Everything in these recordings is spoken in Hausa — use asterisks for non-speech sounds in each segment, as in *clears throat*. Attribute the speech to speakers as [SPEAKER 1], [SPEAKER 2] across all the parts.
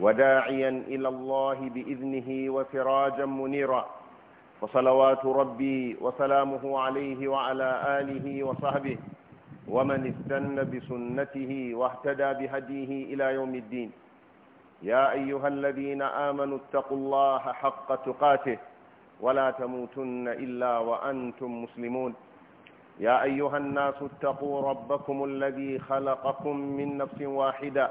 [SPEAKER 1] وداعيا إلى الله بإذنه وسراجا منيرا وصلوات ربي وسلامه عليه وعلى آله وصحبه ومن استن بسنته واهتدى بهديه إلى يوم الدين يا أيها الذين آمنوا اتقوا الله حق تقاته ولا تموتن إلا وأنتم مسلمون يا أيها الناس اتقوا ربكم الذي خلقكم من نفس واحدة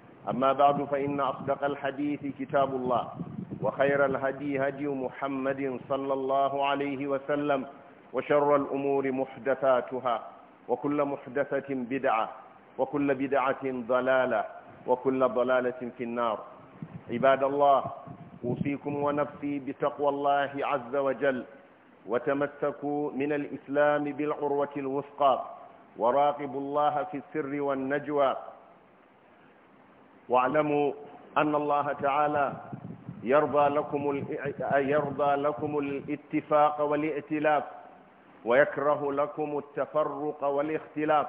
[SPEAKER 1] أما بعد فإن أصدق الحديث كتاب الله وخير الهدي هدي محمد صلى الله عليه وسلم وشر الأمور محدثاتها وكل محدثة بدعة وكل بدعة ضلالة وكل ضلالة في النار عباد الله أوصيكم ونفسي بتقوى الله عز وجل وتمسكوا من الإسلام بالعروة الوثقى وراقبوا الله في السر والنجوى واعلموا أن الله تعالى يرضى لكم يرضى لكم الاتفاق والائتلاف ويكره لكم التفرق والاختلاف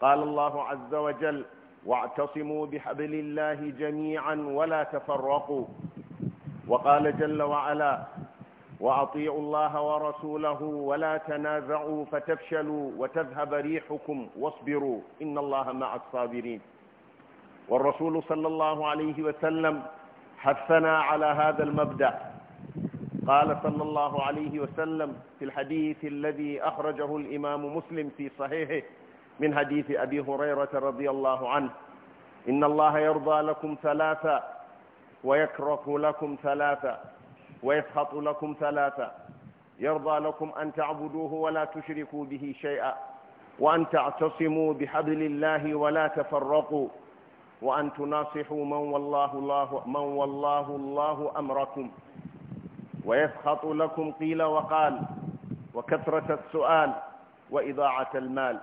[SPEAKER 1] قال الله عز وجل واعتصموا بحبل الله جميعا ولا تفرقوا وقال جل وعلا واطيعوا الله ورسوله ولا تنازعوا فتفشلوا وتذهب ريحكم واصبروا ان الله مع الصابرين والرسول صلى الله عليه وسلم حثنا على هذا المبدأ قال صلى الله عليه وسلم في الحديث الذي أخرجه الإمام مسلم في صحيحه من حديث أبي هريرة رضي الله عنه إن الله يرضى لكم ثلاثة ويكره لكم ثلاثة ويسخط لكم ثلاثة يرضى لكم أن تعبدوه ولا تشركوا به شيئا وأن تعتصموا بحبل الله ولا تفرقوا وأن تناصحوا من والله الله, من والله الله أمركم ويسخط لكم قيل وقال وكثرة السؤال وإضاعة المال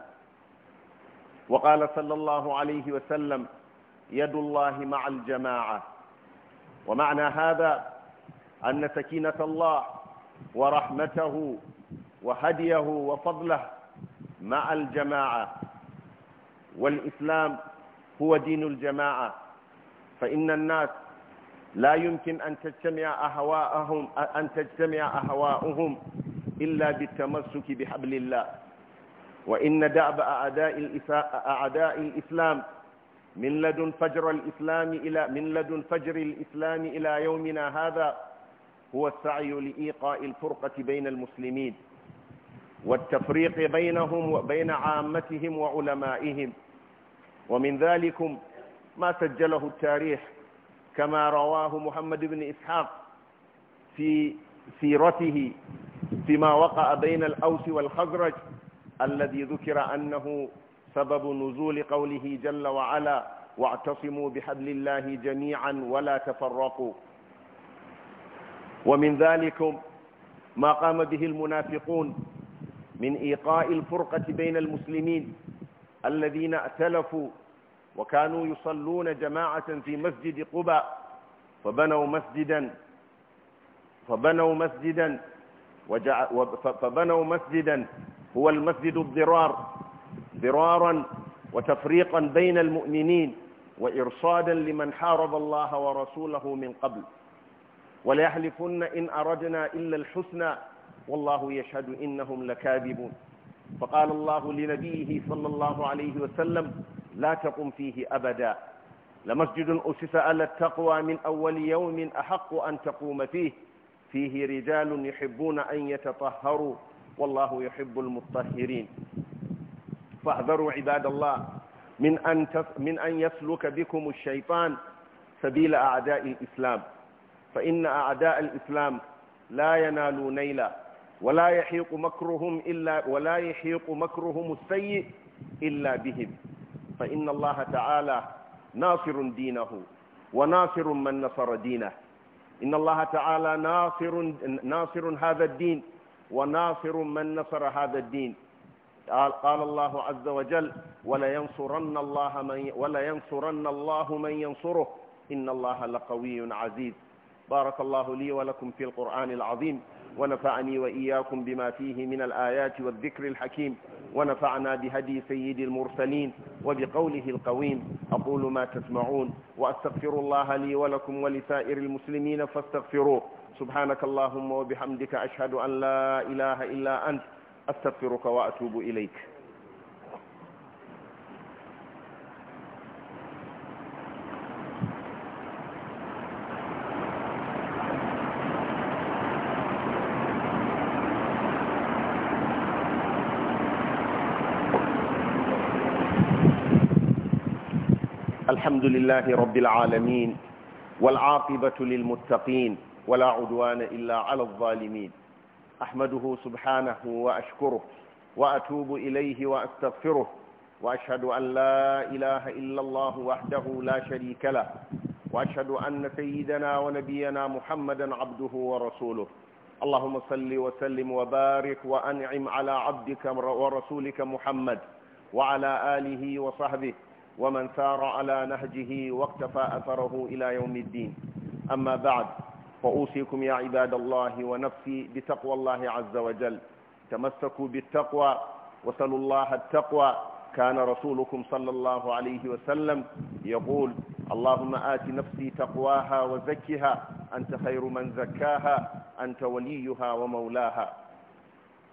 [SPEAKER 1] وقال صلى الله عليه وسلم يد الله مع الجماعة ومعنى هذا أن سكينة الله ورحمته وهديه وفضله مع الجماعة والإسلام هو دين الجماعة فإن الناس لا يمكن أن تجتمع أهواءهم أن تجتمع أهواءهم إلا بالتمسك بحبل الله وإن دأب أعداء أعداء الإسلام من لدن فجر الإسلام إلى من لدن فجر الإسلام إلى يومنا هذا هو السعي لإيقاء الفرقة بين المسلمين والتفريق بينهم وبين عامتهم وعلمائهم ومن ذلكم ما سجله التاريخ كما رواه محمد بن إسحاق في سيرته فيما وقع بين الأوس والخزرج الذي ذكر أنه سبب نزول قوله جل وعلا واعتصموا بحبل الله جميعا ولا تفرقوا ومن ذلكم ما قام به المنافقون من إيقاء الفرقة بين المسلمين الذين ائتلفوا وكانوا يصلون جماعة في مسجد قبى فبنوا مسجدا فبنوا مسجدا فبنوا مسجدا هو المسجد الضرار ضرارا وتفريقا بين المؤمنين وإرصادا لمن حارب الله ورسوله من قبل وليحلفن إن أردنا إلا الحسنى والله يشهد إنهم لكاذبون فقال الله لنبيه صلى الله عليه وسلم لا تقم فيه أبدا لمسجد أسس على التقوى من أول يوم أحق أن تقوم فيه فيه رجال يحبون أن يتطهروا والله يحب المطهرين فاحذروا عباد الله من أن, من أن يسلك بكم الشيطان سبيل أعداء الإسلام فإن أعداء الإسلام لا ينالوا نيلا ولا يحيق مكرهم إلا ولا يحيق مكرهم السيء إلا بهم فإن الله تعالى ناصر دينه وناصر من نصر دينه إن الله تعالى ناصر ناصر هذا الدين وناصر من نصر هذا الدين قال الله عز وجل ولينصرن الله من ولينصرن الله من ينصره إن الله لقوي عزيز بارك الله لي ولكم في القرآن العظيم ونفعني وإياكم بما فيه من الآيات والذكر الحكيم ونفعنا بهدي سيد المرسلين وبقوله القويم أقول ما تسمعون وأستغفر الله لي ولكم ولسائر المسلمين فاستغفروه سبحانك اللهم وبحمدك أشهد أن لا إله إلا أنت أستغفرك وأتوب إليك الحمد لله رب العالمين والعاقبة للمتقين ولا عدوان إلا على الظالمين أحمده سبحانه وأشكره وأتوب إليه وأستغفره وأشهد أن لا إله إلا الله وحده لا شريك له وأشهد أن سيدنا ونبينا محمدا عبده ورسوله اللهم صل وسلم وبارك وأنعم على عبدك ورسولك محمد وعلى آله وصحبه ومن سار على نهجه واقتفى أثره إلى يوم الدين أما بعد فأوصيكم يا عباد الله ونفسي بتقوى الله عز وجل تمسكوا بالتقوى وصلوا الله التقوى كان رسولكم صلى الله عليه وسلم يقول اللهم آت نفسي تقواها وزكها أنت خير من زكاها أنت وليها ومولاها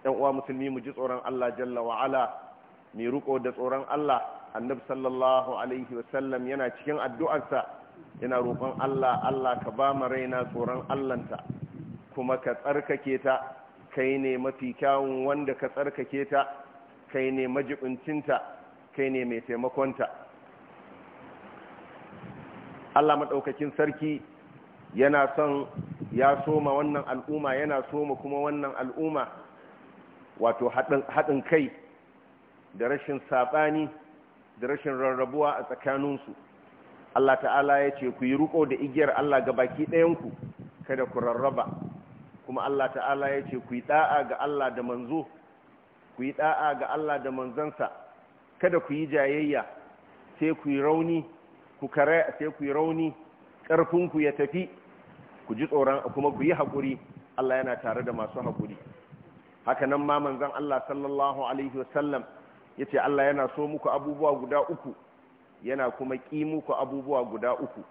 [SPEAKER 1] يوم مسلمين مجد أوران الله جل وعلا ميروك دس أوران الله annabi sallallahu alaihi wasallam yana cikin addu'arsa yana roƙon Allah Allah ka ba mu raina tsoron Allahnta kuma ka tsarkake ta kai ne mafi kyawun wanda ka tsarkake ta kai ne majibincinta kai ne mai taimakonta Allah maɗaukakin sarki yana son ya soma wannan al'umma yana soma kuma wannan al'umma wato haɗin kai da rashin saɓani da rashin rarrabuwa a tsakaninsu Allah ta'ala ya ce ku yi ruko da igiyar Allah ga baki ɗayanku kada ku rarraba kuma Allah ta'ala ya ce ku yi ɗa'a ga Allah da manzo ku yi ɗa'a ga Allah da manzansa kada ku yi jayayya sai ku yi rauni ku kare sai ku yi rauni ƙarfinku ya tafi ku ji tsoron kuma ku yi haƙuri Allah yana tare da masu haƙuri haka nan ma manzon Allah sallallahu alaihi wasallam ya ce Allah yana so muku abubuwa guda uku yana kuma ƙi muku abubuwa guda uku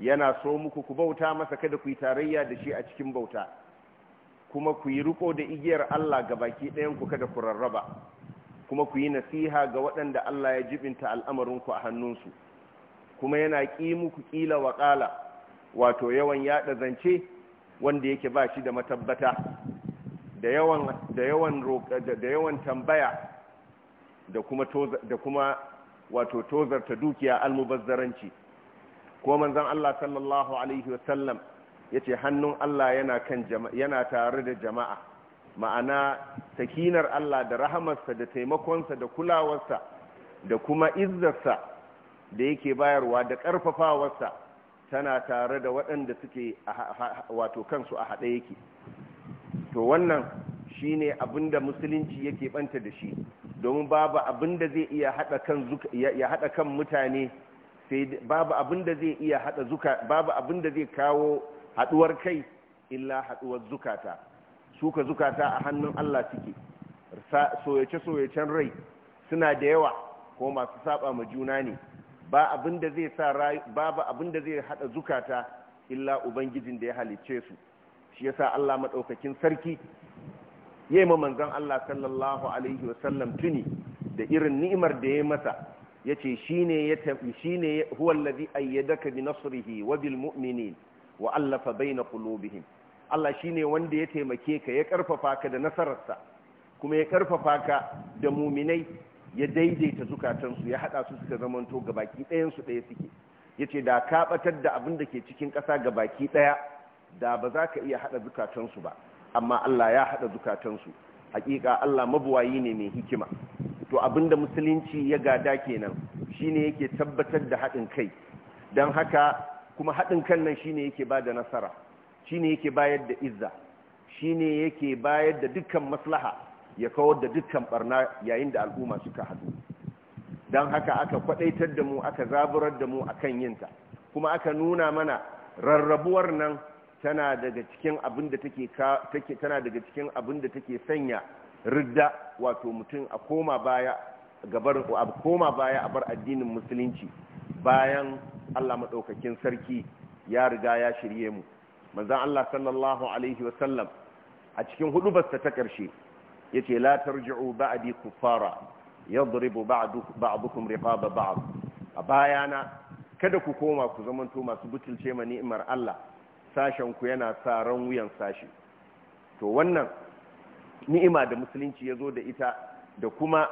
[SPEAKER 1] yana so muku ku bauta masa kada ku yi tarayya da shi a cikin bauta kuma ku yi riko da igiyar Allah ga baki ɗayanku kada ku rarraba kuma ku yi nasiha ga waɗanda Allah ya jibinta al'amarinku a hannunsu kuma yana ƙi muku ƙila wa ƙala wato yawan yaɗa zance wanda yake ba shi da matabbata da yawan tambaya da kuma wato tozarta dukiya almubazzaranci ko manzon Allah sallallahu alaihi wasallam yace hannun Allah yana kan tare da jama'a ma'ana sakinar Allah da rahamarsa da taimakonsa da kulawarsa da kuma izzarsa da yake bayarwa da ƙarfafawarsa tana tare da waɗanda suke wato kansu a haɗe yake to wannan shine abinda musulunci yake banta da shi domin babu abin da zai iya hada kan ya hada kan mutane sai babu abin da zai iya hada zuka babu abin da zai kawo haduwar kai illa haduwar zukata suka zukata a hannun Allah suke soyace soyacen rai suna da yawa ko masu saba ma juna ne ba abin da zai sa babu abin da zai hada zukata illa ubangijin da ya halice su shi yasa Allah madaukakin sarki Yai ma manzon Allah sallallahu alaihi wasallam tuni da irin ni'imar da ya masa yace shine ya tafi shine huwa allazi ayyadaka bi nasrihi wa bil mu'minin wa allafa baina qulubihim Allah shine wanda ya taimake ka ya karfafa ka da nasararsa kuma ya karfafa ka da muminai ya daidaita zukatansu ya hada su suka zamanto gabaki ɗayan su ɗaya suke yace da ka batar da abin da ke cikin ƙasa gabaki ɗaya da ba za ka iya hada zukatansu ba amma Allah ya haɗa zukatansu hakika Allah mabuwayi ne mai hikima to abinda musulunci ya gada kenan shine yake tabbatar da haɗin kai don haka kuma haɗin kan nan shine yake ba da nasara shine yake bayar da izza shine yake bayar da dukkan maslaha ya kawar da dukkan barna yayin da al'umma suka haɗu don haka aka kwaɗaitar da mu aka zaburar da mu akan yinta kuma aka nuna mana rarrabuwar nan tana daga cikin abin da take take tana daga cikin abin da take sanya ridda wato mutum a koma baya gabar a koma baya a bar addinin musulunci bayan Allah madaukakin sarki ya riga ya shirye mu manzon Allah sallallahu alaihi wa sallam a cikin hudubarsa ta karshe yace la tarji'u ba'di kuffara yadribu ba'dukum riqaba ba'd a bayana kada ku koma ku zamanto masu butulce ma ni'imar Allah Sashen ku yana sa ran wuyan sashi to wannan ni'ima da musulunci ya zo da ita da kuma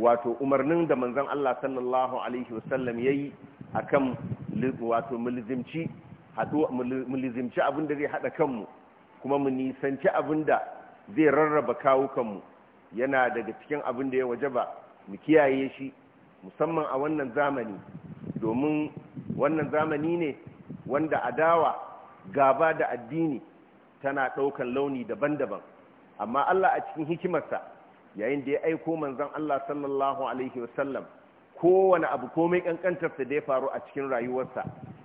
[SPEAKER 1] wato umarnin da manzon Allah sallallahu alaihi wasallam yayi akan wato mulzimci mulzimci abin zai haɗa kanmu kuma mu nisanci abin da zai rarraba kawukanmu yana daga cikin abinda da ya wajaba mu kiyaye shi musamman a wannan zamani domin wannan zamani ne wanda adawa gaba da addini tana ɗaukan launi daban-daban amma Allah a cikin hikimarsa yayin da ya aiko manzon Allah sallallahu alaihi wasallam kowane abu komai ƙanƙantarsa da ya faru a cikin rayuwarsa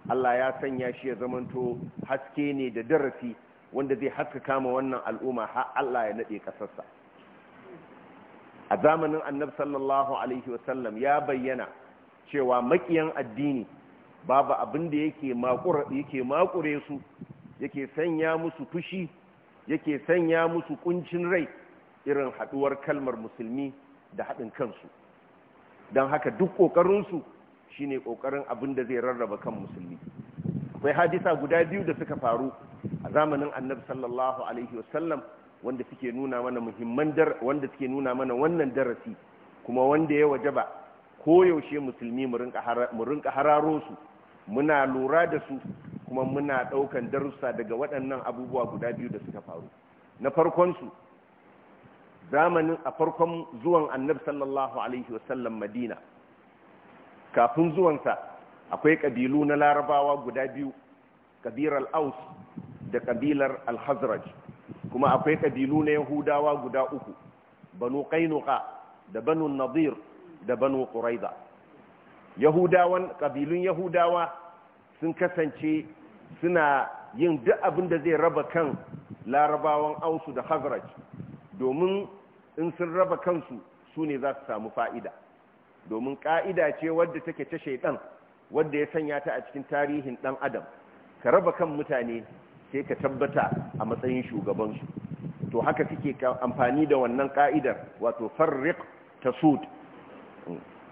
[SPEAKER 1] Allah ya sanya shi ya zamanto haske ne da darasi wanda zai haska kama wannan al'umma har Allah ya naɗe kasarsa a zamanin annabi sallallahu alaihi wasallam ya bayyana cewa makiyan addini babu abin da yake makure yake su yake sanya musu fushi yake sanya musu kuncin rai irin haduwar kalmar musulmi da haɗin kansu don haka duk ƙoƙarinsu shi ne ƙoƙarin abin da zai rarraba kan musulmi akwai hadisa guda biyu da suka faru a zamanin annabi sallallahu alaihi wasallam wanda suke nuna mana muhimman wanda suke nuna mana wannan darasi kuma wanda ya wajaba koyaushe musulmi mu rinka hararo su muna lura da su kuma muna ɗaukan darussa daga waɗannan abubuwa guda biyu da suka faru na farkonsu zamanin a farkon zuwan annab sallallahu alaihi wasallam madina kafin zuwansa akwai ƙabilu na larabawa guda biyu ƙabilar aus da ƙabilar alhazraj kuma akwai ƙabilu na yahudawa guda uku banu ƙainuka da banu nadir da banu ƙuraiza yahudawan ƙabilun yahudawa sun kasance suna yin duk abin da zai raba kan larabawan ausu da hazraj domin in sun raba kansu su ne za su samu fa'ida domin ƙa'ida ce wadda take ta shaidan wadda ya sanya ta a cikin tarihin ɗan adam ka raba kan mutane sai ka tabbata a matsayin shugabansu to haka suke amfani da wannan ƙa'idar wato farriq ta sud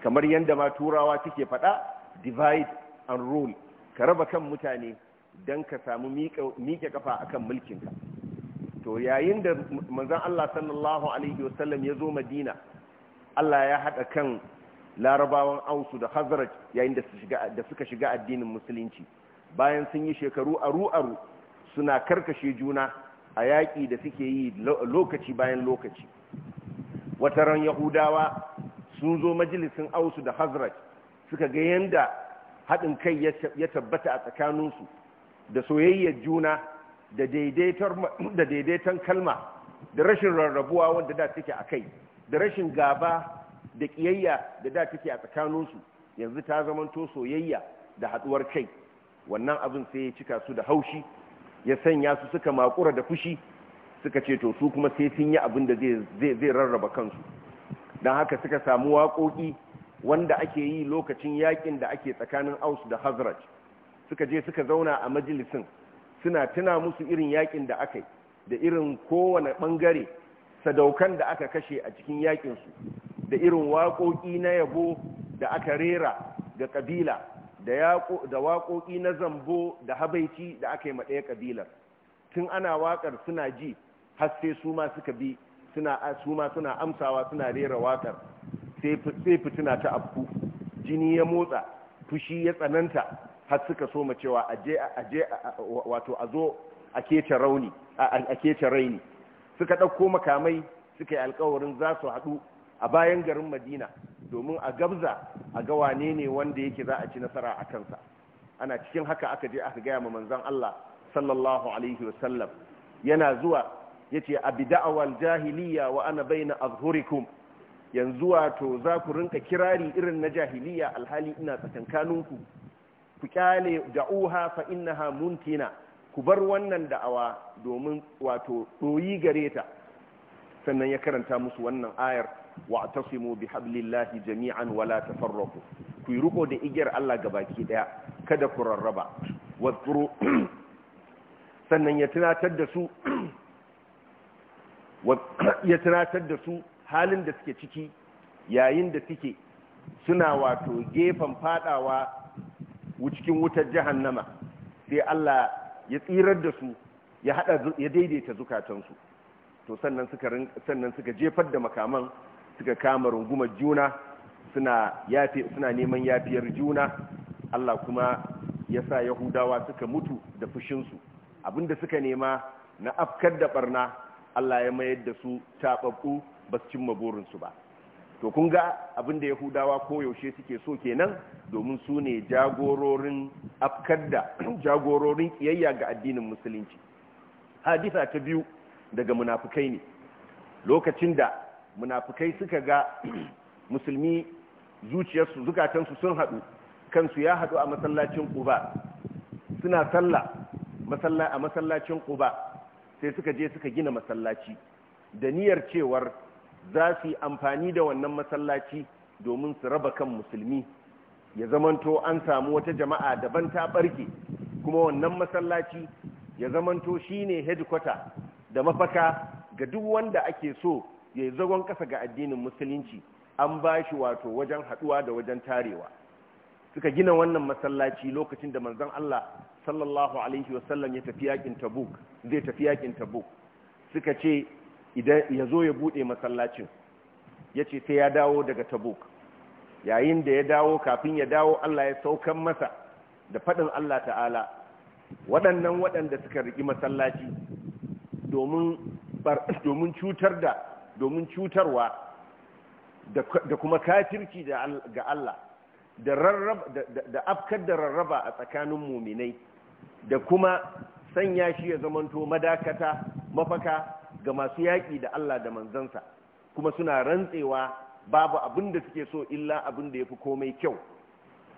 [SPEAKER 1] kamar yadda ma turawa suke faɗa divide and rule ka raba kan mutane don ka samu miƙe kafa akan mulkinka to yayin da manzan Allah sallallahu alaihi wasallam ya zo madina Allah ya haɗa kan larabawan ausu da hazaraj yayin da suka shiga addinin musulunci bayan sun yi shekaru aru-aru suna karkashe juna a yaƙi da suke yi lokaci bayan lokaci wataran yahudawa sun zo majalisin ausu da hazrat suka ga yanda haɗin kai ya tabbata a tsakaninsu da soyayyar juna da daidaiton *clears throat* kalma da rashin rarrabuwa wanda da take a kai da rashin gaba da ƙiyayya da da take a tsakaninsu yanzu ta zamanto soyayya da haɗuwar kai wannan abin sai ya cika su da haushi ya sanya su suka makura da fushi suka ce to su kuma sai sun yi abin da zai rarraba kansu don haka suka samu waƙoƙi wanda ake yi lokacin yakin da ake tsakanin aus da hazraj suka je suka zauna a majalisin suna tuna musu irin yakin da aka yi da irin kowane ɓangare sadaukan da aka kashe a cikin yakinsu da irin waƙoƙi na yabo da aka rera ga ƙabila da waƙoƙi na zambo da habaici da aka yi maɗaya ƙabilar tun ana waƙar suna ji har sai su ma suka bi suna su ma suna amsawa suna rera watar sai fitina ta afku jini ya motsa fushi ya tsananta har suka so mu cewa aje aje wato a zo a kece rauni a kece raini suka ɗauko makamai suka yi alkawarin za su haɗu a bayan garin madina domin a gabza a ga wane ne wanda yake za a ci nasara a kansa ana cikin haka aka je aka gaya ma manzon Allah sallallahu alaihi wasallam yana zuwa yace bi da'awal jahiliya wa ana baina azhurikum yanzu wato za ku rinka kirari irin na jahiliya alhali ina tsakankaninku ku kyale da'uha fa innaha muntina ku bar wannan da'awa domin wato doyi gare ta sannan ya karanta musu wannan ayar wa'tasimu bihablillahi jami'an wala tafarraqu ku riko da igiyar Allah gabaki daya kada ku rarraba wadhkuru sannan ya tunatar da su ya tunatar da su halin da suke ciki yayin da suke suna wato gefen fadawa cikin wutar nama sai Allah ya tsirar da su ya hada ya daidaita zukatansu to sannan suka jefar da makaman suka kama rungumar juna suna suna neman yafiyar juna Allah kuma ya sa Yahudawa suka mutu da fushinsu abinda suka nema na afkar da barna Allah ya mayar da su taɓaɓɓu ba su cimma burinsu ba to kun ga abin da yahudawa koyaushe suke so kenan domin su ne jagororin afkar da *clears throat* jagororin ƙiyayya ga addinin musulunci hadisa ta biyu daga munafukai ne lokacin da munafukai suka ga *clears throat* musulmi zuciyarsu zukatansu sun haɗu kansu ya haɗu a masallacin ƙuba suna sallah a masallacin ƙuba sai suka je suka gina masallaci da niyyar cewar za su yi amfani da wannan masallaci domin su raba kan musulmi ya zamanto an samu wata jama'a daban ta barke kuma wannan masallaci ya zamanto shine headquarter da mafaka ga duk wanda ake so ya yi zagon kasa ga addinin musulunci an ba shi wato wajen haduwa da wajen tarewa suka gina wannan masallaci lokacin da manzon Allah sallallahu alaihi wasallam ya tafi yakin tabuk zai tafi yakin tabuk suka ce idan ya zo ya bude masallacin ya ce sai ya dawo daga tabuk yayin da ya dawo kafin ya dawo Allah ya saukan masa da faɗin Allah ta'ala waɗannan waɗanda suka riƙi masallaci domin cutar da domin cutarwa da kuma kafirci ga Allah da afkar da rarraba a tsakanin muminai da kuma sanya shi ya zamanto madakata mafaka ga masu yaƙi da Allah da manzansa kuma suna rantsewa babu abin da suke so illa abin da ya fi komai kyau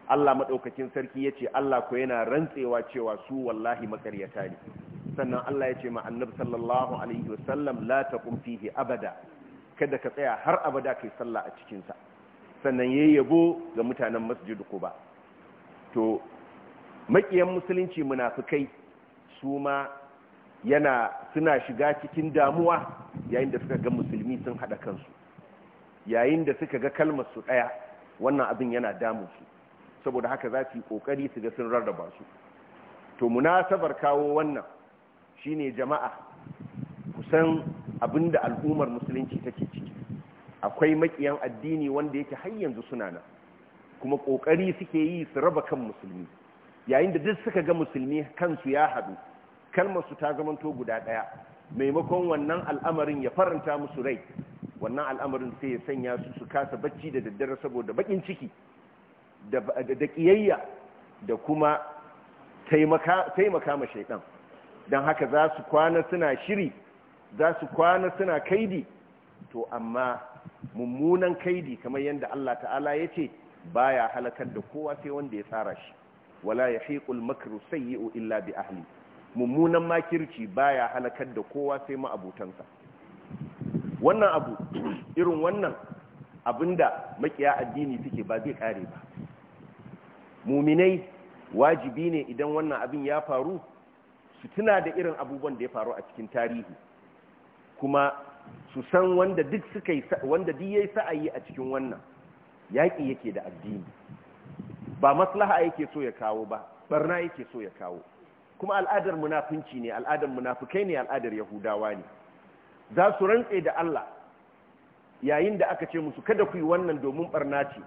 [SPEAKER 1] Allah maɗaukakin sarki ya ce Allah ko yana rantsewa cewa su wallahi makaryata ne sannan Allah ya ce ma annabi sallallahu alaihi wasallam la taqum fihi abada kada ka tsaya har abada kai sallah a cikin sa sannan yayi yabo ga mutanen masjid Quba to maƙiyan musulunci munafikai su ma yana suna shiga cikin damuwa yayin da suka ga musulmi sun haɗa kansu yayin da suka ga kalmar su daya wannan abin yana damun su saboda haka za su yi ƙoƙari su ga sun rarraba su to munasabar kawo wannan shine jama'a kusan abinda al'ummar musulunci take ciki akwai maƙiyan addini wanda yake har yanzu suna nan kuma ƙoƙari suke yi su raba kan musulmi yayin da duk suka ga musulmi kansu ya haɗu kalmarsu ta ta zamanto guda ɗaya maimakon wannan al'amarin ya faranta musu rai wannan al'amarin sai ya sanya su su kasa bacci da daddare saboda bakin ciki da ƙiyayya da kuma taimaka ma shaidan don haka za su kwana suna shiri za su kwana suna kaidi to amma mummunan kaidi kamar yadda Allah ta'ala ya ce ba ya halakar da kowa sai wanda ya tsara shi wala ya yahiqul makru sayyi'u illa bi ahli mummunan makirci baya halakar da kowa sai ma'abutansa wannan abu *clears throat* irin wannan abinda makiya addini suke ba zai kare ba muminai wajibi ne idan wannan abin ya faru su tuna da irin abubuwan da ya faru a cikin tarihi kuma su san wanda duk suka sa'ayi a cikin wannan yaƙi yake da addini ba maslaha yake so ya kawo ba barna yake so ya kawo kuma al'adar munafunci ne al'adar munafukai ne al'adar yahudawa ne za su rantse da Allah yayin da aka ce musu kada ku yi wannan domin barna ce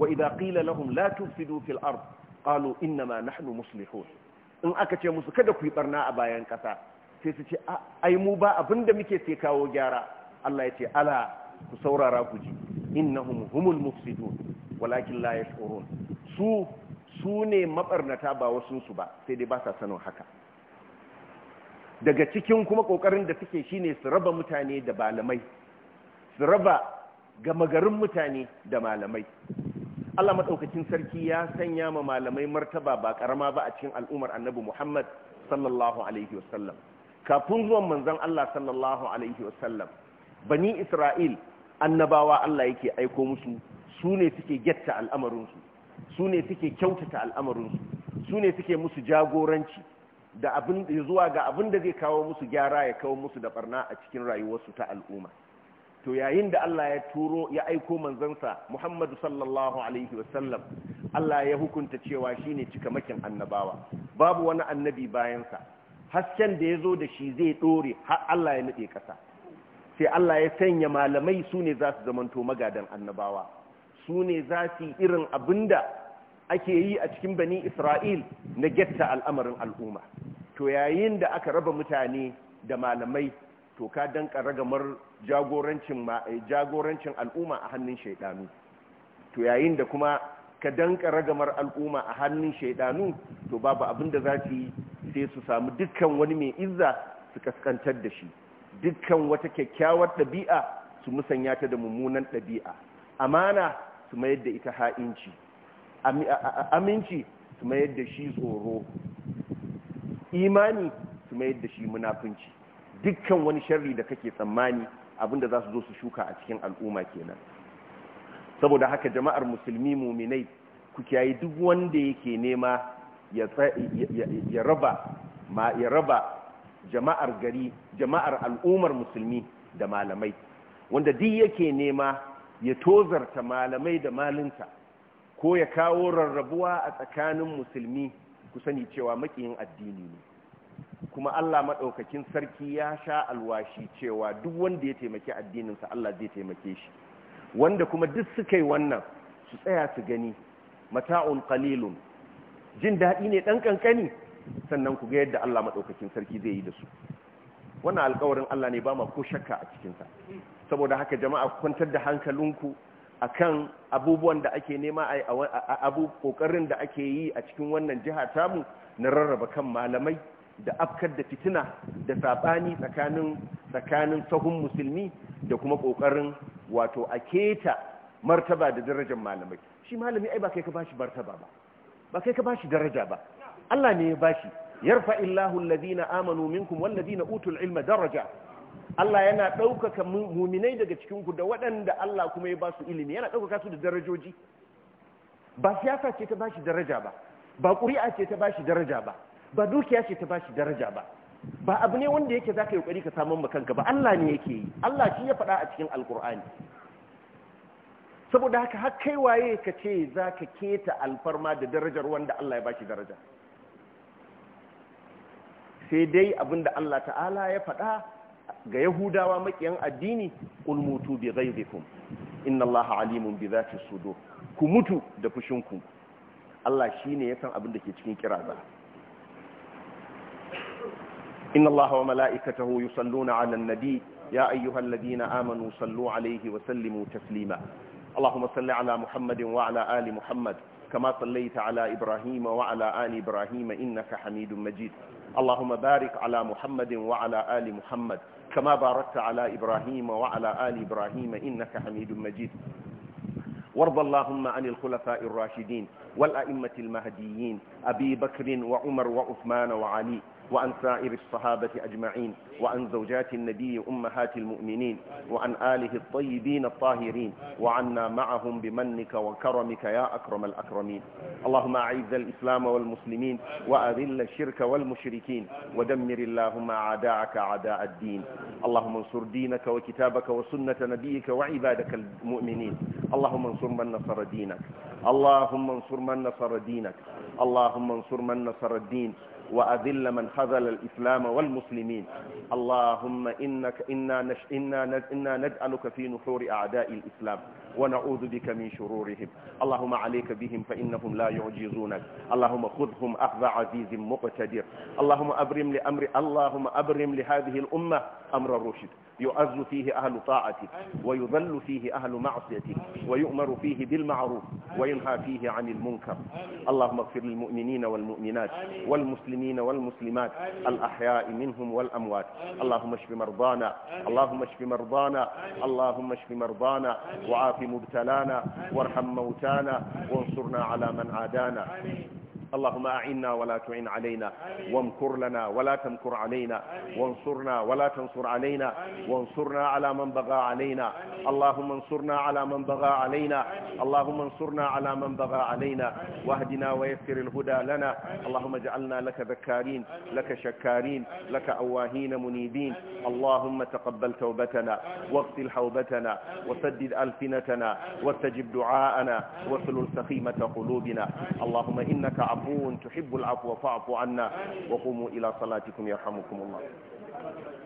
[SPEAKER 1] wa idza qila lahum la tufsidu fil ard qalu inna ma nahnu muslihun in aka ce musu kada ku yi barna a bayan kasa sai su ce ai mu ba abinda muke sai kawo gyara Allah ya ce ala ku saurara ku ji innahum humul mufsidun walakin la yashurun su su ne mabarnata ba wasu su ba sai dai ba sa sanin haka daga cikin kuma kokarin da suke shine su raba mutane da malamai su raba gama garin mutane da malamai Allah madaukakin sarki ya sanya ma malamai martaba ba karama ba a cikin al'ummar Annabi Muhammad sallallahu alaihi wasallam kafin zuwan manzon Allah sallallahu alaihi wasallam bani Isra'il annabawa Allah yake aiko musu su ne suke getta al'amarinsu su ne suke kyautata al'amarinsu su ne suke musu jagoranci da abin da zuwa ga abin da zai kawo musu gyara ya kawo musu da barna a cikin rayuwarsu ta al'umma to yayin da Allah ya turo ya aiko manzansa Muhammadu sallallahu alaihi wasallam Allah ya hukunta cewa shine cikamakin annabawa babu wani annabi bayansa hasken da ya zo da shi zai ɗore har Allah ya nade ƙasa. sai Allah ya sanya malamai su ne za su zamanto magadan annabawa su ne za su irin abinda ake yi a cikin bani Isra'il na getta al'amarin al'umma to yayin da aka raba mutane da malamai to ka danka ragamar eh, jagorancin al'umma a hannun shaidanu to yayin da kuma ka danka ragamar al'umma a hannun shaidanu to babu abin da za su yi sai su samu dukkan wani mai izza su kaskantar da shi dukkan wata kyakkyawar ɗabi'a su musanya ta da mummunan ɗabi'a amana su mayar da ita ha'inci aminci su mayar da shi tsoro imani su mayar da shi munafunci dukkan wani sharri da kake tsammani abinda za su zo su shuka a cikin al'umma kenan saboda haka jama'ar musulmi muminai ku kiyaye duk wanda yake nema ya raba ya jama'ar gari jama'ar al'ummar musulmi da malamai wanda duk yake nema ya tozarta malamai da malinta ko ya kawo rarrabuwa a tsakanin musulmi ku sani cewa makiyin addini ne kuma Allah maɗaukakin sarki ya sha alwashi cewa duk wanda ya taimaki addininsa Allah zai taimake shi wanda kuma duk suka yi wannan su tsaya su gani mata'un qalilun jin daɗi ne ɗan ƙanƙani sannan ku ga yadda Allah maɗaukakin sarki zai yi da su wannan alkawarin Allah ne ba ma ko shakka a cikinsa saboda haka jama'a kwantar da hankalinku a kan abubuwan da ake nema a abu ƙoƙarin da ake yi a cikin wannan jiha tamu na rarraba kan malamai da afkar da fitina da saɓani tsakanin tsakanin sahun musulmi da kuma ƙoƙarin wato a keta martaba da darajar malamai shi malami ai ba kai ka bashi martaba ba ba kai ka bashi daraja ba Allah ne ya bashi yarfa illahu alladhina amanu minkum walladhina utul ilma daraja Allah yana ɗaukaka muminai daga cikin ku da waɗanda Allah kuma ya basu ilimi yana ɗaukaka su da darajoji ba siyasa ce ta bashi daraja ba ba ƙuri'a ce ta bashi daraja ba ba dukiya ce ta bashi daraja ba ba abu ne wanda yake zaka yi kokari ka samu ma kanka ba Allah ne yake yi Allah shi ya faɗa a cikin alkur'ani saboda haka har kai waye ka ce zaka keta alfarma da darajar wanda Allah ya bashi daraja sai dai abinda Allah ta'ala ya faɗa ga yahudawa makiyan addini qul mutu bi ghayrikum inna Allah alimun bi dhati sudur ku mutu da fushinku Allah shine ya san abinda ke cikin kiraza inna Allah wa mala'ikatahu yusalluna 'ala an nabi ya ayyuhalladhina amanu sallu 'alayhi wa sallimu taslima اللهم صل على محمد وعلى آل محمد كما صليت على إبراهيم وعلى آل إبراهيم إنك حميد مجيد اللهم بارك على محمد وعلى آل محمد كما باركت على إبراهيم وعلى آل إبراهيم إنك حميد مجيد وارض اللهم عن الخلفاء الراشدين والأئمة المهديين أبي بكر وعمر وعثمان وعلي وعن سائر الصحابة أجمعين وعن زوجات النبي أمهات المؤمنين وعن آله الطيبين الطاهرين وعنا معهم بمنك وكرمك يا أكرم الأكرمين اللهم أعز الإسلام والمسلمين وأذل الشرك والمشركين ودمر اللهم عداءك أعداء الدين اللهم انصر دينك وكتابك وسنة نبيك وعبادك المؤمنين اللهم انصر من نصر دينك اللهم انصر من نصر دينك اللهم انصر من نصر الدين وأذل من خذل الإسلام والمسلمين اللهم إنك إنا, نش إنا, نج إنا نجعلك في نحور أعداء الإسلام ونعوذ بك من شرورهم اللهم عليك بهم فإنهم لا يعجزونك اللهم خذهم أخذ عزيز مقتدر اللهم أبرم لأمر اللهم أبرم لهذه الأمة أمر الرشد يعز فيه أهل طاعتك ويذل فيه أهل معصيتك ويؤمر فيه بالمعروف وينهى فيه عن المنكر اللهم اغفر للمؤمنين والمؤمنات والمسلمين والمسلمات الأحياء منهم والأموات اللهم اشف مرضانا اللهم اشف مرضانا اللهم اشف مرضانا وعاف مبتلانا وارحم موتانا وانصرنا على من عادانا اللهم أعنا ولا تعن علينا وامكر لنا ولا تمكر علينا وانصرنا ولا تنصر علينا وانصرنا على من بغى علينا اللهم انصرنا على من بغى علينا اللهم انصرنا على من بغى علينا واهدنا ويسر الهدى لنا اللهم اجعلنا لك ذكارين لك شكارين لك أواهين منيبين اللهم تقبل توبتنا واغسل حوبتنا وسدد ألسنتنا واستجب دعاءنا وصل سخيمة قلوبنا اللهم إنك عبد عفو تحب العفو فاعف عنا وقوموا إلى صلاتكم يرحمكم الله